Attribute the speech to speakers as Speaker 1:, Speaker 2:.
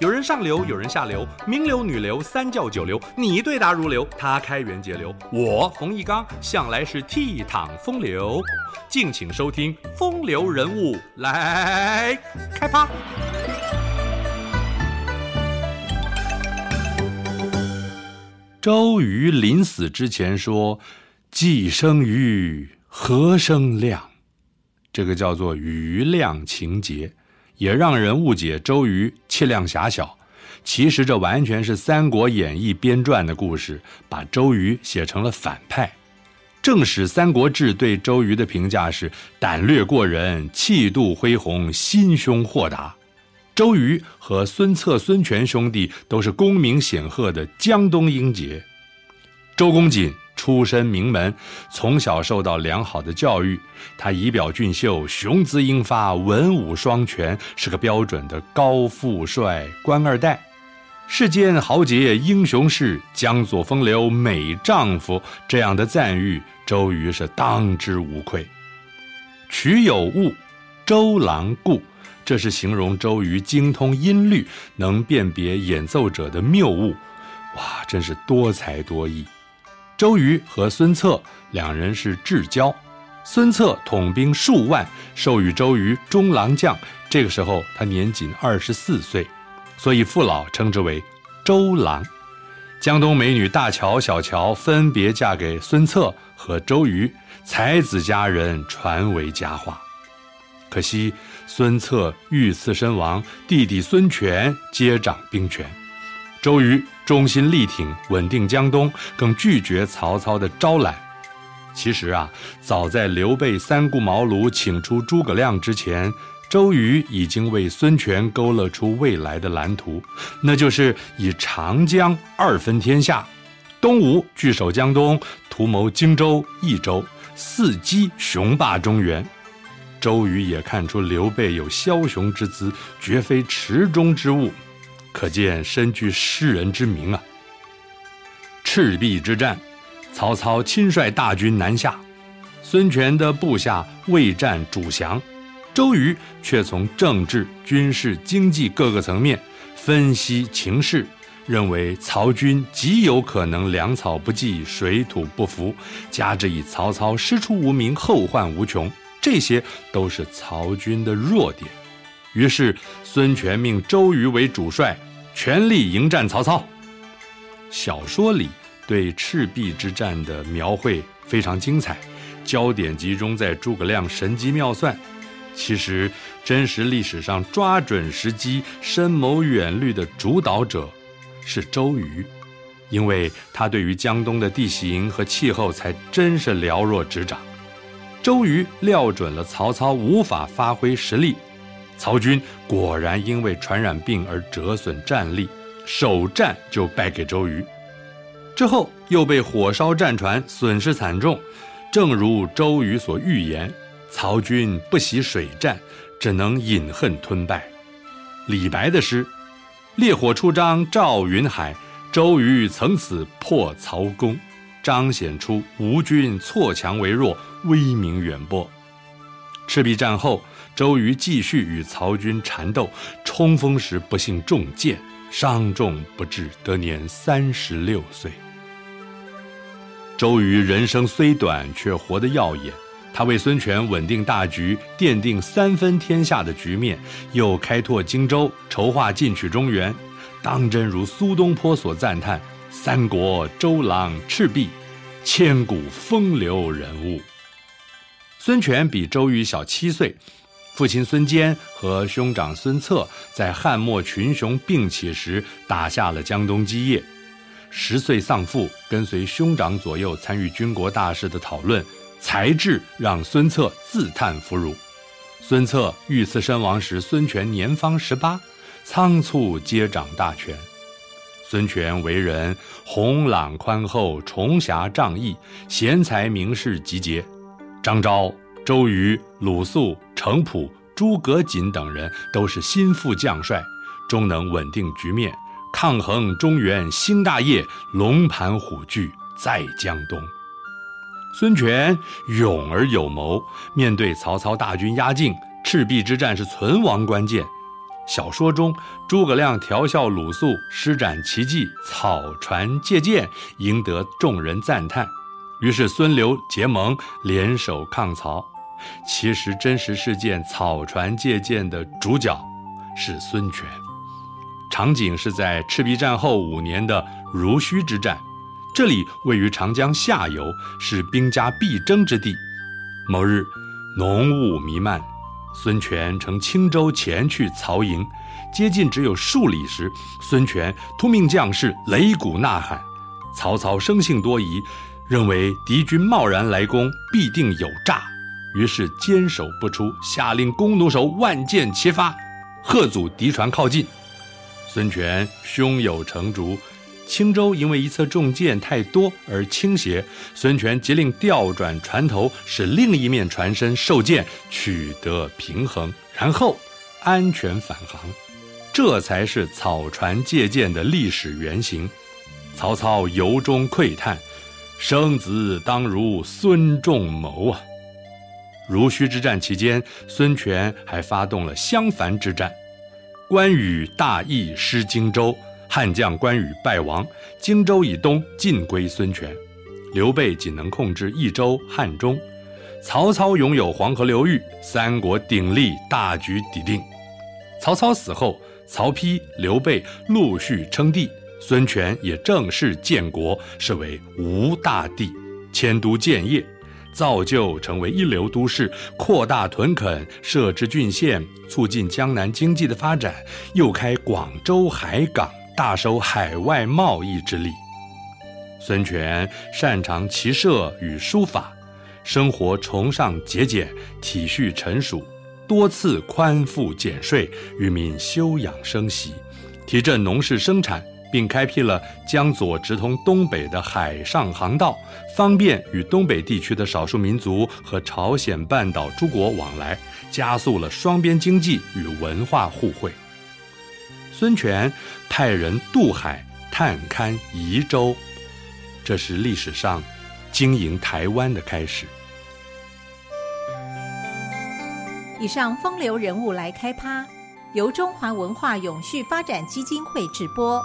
Speaker 1: 有人上流，有人下流，名流、女流、三教九流，你對答如流，他開源節流，我馮翊綱向來是倜儻風流。敬請收聽《風流人物》來，來開趴。周瑜臨死之前說：“既生瑜，何生亮？”這個叫做瑜亮情節。也讓人誤解周瑜氣量狹小，其實這完全是《三國演義》編撰的故事，把周瑜寫成了反派。正史《三國志》對周瑜的評價是：膽略過人，氣度恢宏，心胸豁達。周瑜和孫策、孫權兄弟都是功名顯赫的江東英傑。周公瑾出身名門，從小受到良好的教育。他儀表俊秀，雄姿英發，文武雙全，是個標準的高富帥官二代。世間豪傑英雄士，江左風流美丈夫，這樣的讚譽，周瑜是當之無愧。曲有誤，周郎顧，這是形容周瑜精通音律，能辨別演奏者的謬誤。哇，真是多才多藝。周瑜和孫策兩人是至交，孫策統兵數萬，授予周瑜中郎將。這個時候他年僅二十四歲，所以父老稱之為“周郎”。江東美女大喬、小喬分別嫁給孫策和周瑜，才子佳人傳為佳話。可惜孫策遇刺身亡，弟弟孫權接掌兵權。周瑜忠心力挺，穩定江東，更拒絕曹操的招攬。其實啊，早在劉備三顧茅廬請出諸葛亮之前，周瑜已經為孫權勾勒出未來的藍圖，那就是以長江二分天下，東吳據守江東，圖謀荊州、益州，伺機雄霸中原。周瑜也看出劉備有梟雄之姿，絕非池中之物。可見深具識人之明啊！赤壁之戰，曹操親率大軍南下，孫權的部下畏戰主降，周瑜卻從政治、軍事、經濟各個層面分析情勢，認為曹軍極有可能糧草不濟、水土不服，加之以曹操師出無名，後患無窮，這些都是曹軍的弱點。於是，孫權命周瑜為主帥。全力迎戰曹操。小說裡對赤壁之戰的描繪非常精彩，焦點集中在諸葛亮神機妙算。其實，真實歷史上抓準時機、深謀遠慮的主導者是周瑜，因為他對於江東的地形和氣候才真是了若指掌。周瑜料準了曹操無法發揮實力。曹軍果然因為傳染病而折損戰力，首戰就敗給周瑜，之後又被火燒戰船，損失慘重。正如周瑜所預言，曹軍不習水戰，只能飲恨吞敗。李白的詩：“烈火張天照雲海，周瑜於此破曹公”，彰顯出吳軍挫強為弱，威名遠播。赤壁戰後，周瑜繼續與曹軍纏鬥，衝鋒時不幸中箭，傷重不治，得年三十六歲。周瑜人生雖短，卻活得耀眼。他為孫權穩定大局，奠定三分天下的局面，又開拓荊州，籌劃進取中原，當真如蘇東坡所讚嘆：“三國周郎赤壁，千古風流人物。”孫權比周瑜小七歲，父親孫堅和兄長孫策在漢末群雄並起時打下了江東基業。十歲喪父，跟隨兄長左右參與軍國大事的討論，才智讓孫策自嘆弗如。孫策遇刺身亡時，孫權年方十八，倉促接掌大權。孫權為人弘朗寬厚，重俠仗義，賢才名士集結。張昭、周瑜、魯肅、程普、諸葛瑾等人都是心腹將帥，終能穩定局面，抗衡中原興大業。龍盤虎踞在江東，孫權勇而有謀，面對曹操大軍壓境，赤壁之戰是存亡關鍵。小說中，諸葛亮調笑魯肅，施展奇計，草船借箭，贏得眾人讚嘆。於是孫劉結盟，聯手抗曹。其實真實事件“草船借箭”的主角是孫權，場景是在赤壁戰後五年的濡須之戰。這裡位於長江下游，是兵家必爭之地。某日，濃霧瀰漫，孫權乘輕舟前去曹營，接近只有數里時，孫權突命將士擂鼓吶喊。曹操生性多疑。認為敵軍貿然來攻，必定有詐，於是堅守不出，下令弓弩手萬箭齊發，嚇阻敵船靠近。孫權胸有成竹，輕舟因為一側重箭太多而傾斜，孫權即令調轉船頭，使另一面船身受箭，取得平衡，然後安全返航。這才是草船借箭的歷史原型。曹操由衷喟嘆，生子當如孫仲謀啊！濡須之戰期間，孫權還發動了襄樊之戰。關羽大意失荊州，漢將關羽敗亡，荊州以東盡歸孫權。劉備僅能控制益州、漢中。曹操擁有黃河流域，三國鼎立大局已定。曹操死後，曹丕、劉備陸續稱帝。孫權也正式建國，是為吳大帝，遷都建業，造就成為一流都市，擴大屯墾，設置郡縣，促進江南經濟的發展，又開廣州海港，大收海外貿易之利。孫權擅長騎射與書法，生活崇尚節儉，體恤臣屬，多次寬賦減稅，與民休養生息，提振農事生產。並開闢了江左直通東北的海上航道，方便與東北地區的少數民族和朝鮮半島諸國往來，加速了雙邊經濟與文化互惠。孫權派人渡海探勘夷洲，這是歷史上經營台灣的開始。以上風流人物來開趴，由中華文化永續發展基金會直播。